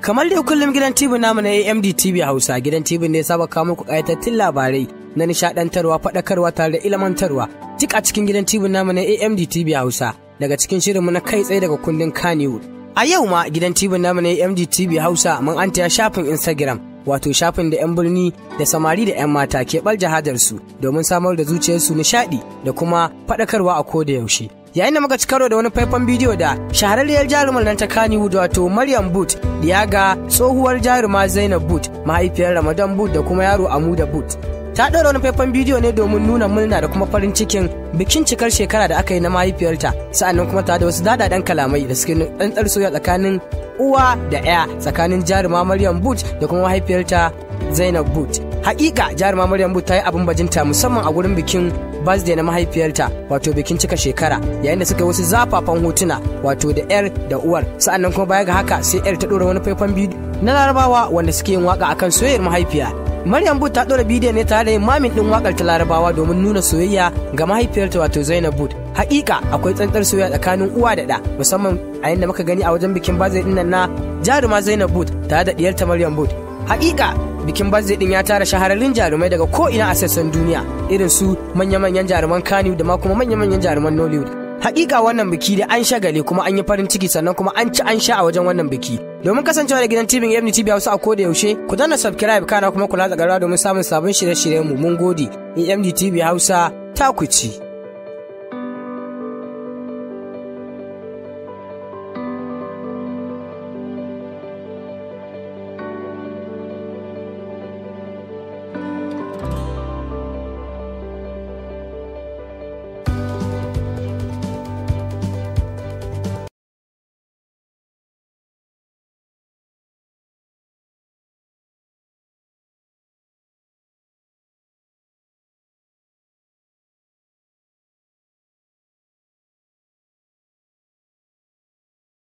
Kamar dai kullum gidan TV namu na AMD TV Hausa gidan TV ne saba kawo muku kayatattun labarai na nishadantarwa faɗakarwa tare da ilmantarwa duk a cikin gidan TV namu na AMD TV Hausa daga cikin shirinmu na kai tsaye daga kundin Kannywood. A yau ma gidan TV namu na AMD TV Hausa mun antaya shafin Instagram wato shafin da 'yan birni da samari da 'yan mata ke ɓal jahadarsu domin samar da zuciyarsu nishaɗi da kuma faɗakarwa a koda yaushe. yayin da muka ci karo da wani faifan bidiyo da shahararriyar jarumar nan ta Kannywood wato Maryam Boot ga tsohuwar jaruma Zainab Boot mahaifiyar Ramadan Boot da kuma yaro Amuda Boot. Ta ɗora wani faifan bidiyo ne domin nuna murna da kuma farin cikin bikin cikar shekara da aka yi na mahaifiyarta sa'annan kuma ta da wasu dadadan kalamai da suke ɗan tsarsoya tsakanin uwa da 'ya tsakanin jaruma Maryam Boot da kuma mahaifiyarta Zainab Boot. Hakika jaruma Maryam Boot ta yi abin bajinta musamman a gurin bikin birthday na mahaifiyarta wato bikin cika shekara yayin da suka yi wasu zafafan hotuna wato da yar da uwar sa'annan kuma baya ga haka sai yar ta dora wani faifan bidiyo na larabawa wanda suke yin waka akan soyayyar mahaifiya Maryam Booth ta ɗora bidiyo ne tare da mamin ɗin wakar ta Larabawa domin nuna soyayya ga mahaifiyarta wato Zainab Booth. Hakika akwai tsantsar soyayya tsakanin uwa da da musamman a yadda muka gani a wajen bikin bazai din nan na jaruma Zainab Booth tare da ɗiyarta Maryam Booth. Hakika bikin birthday din ya tara shahararrun jarumai daga ko ina a sassan duniya irin su manya-manyan jaruman Kano da ma kuma manya-manyan jaruman Nollywood. Hakika wannan biki da an shagale kuma an yi farin ciki sannan kuma an ci an sha a wajen wannan biki. Domin kasancewa da gidan TV Emni TV Hausa a koda yaushe, ku danna subscribe kana kuma kula da garra domin samun sabon shirye-shiryen mu. Mun gode. Emni TV Hausa ta ku ci.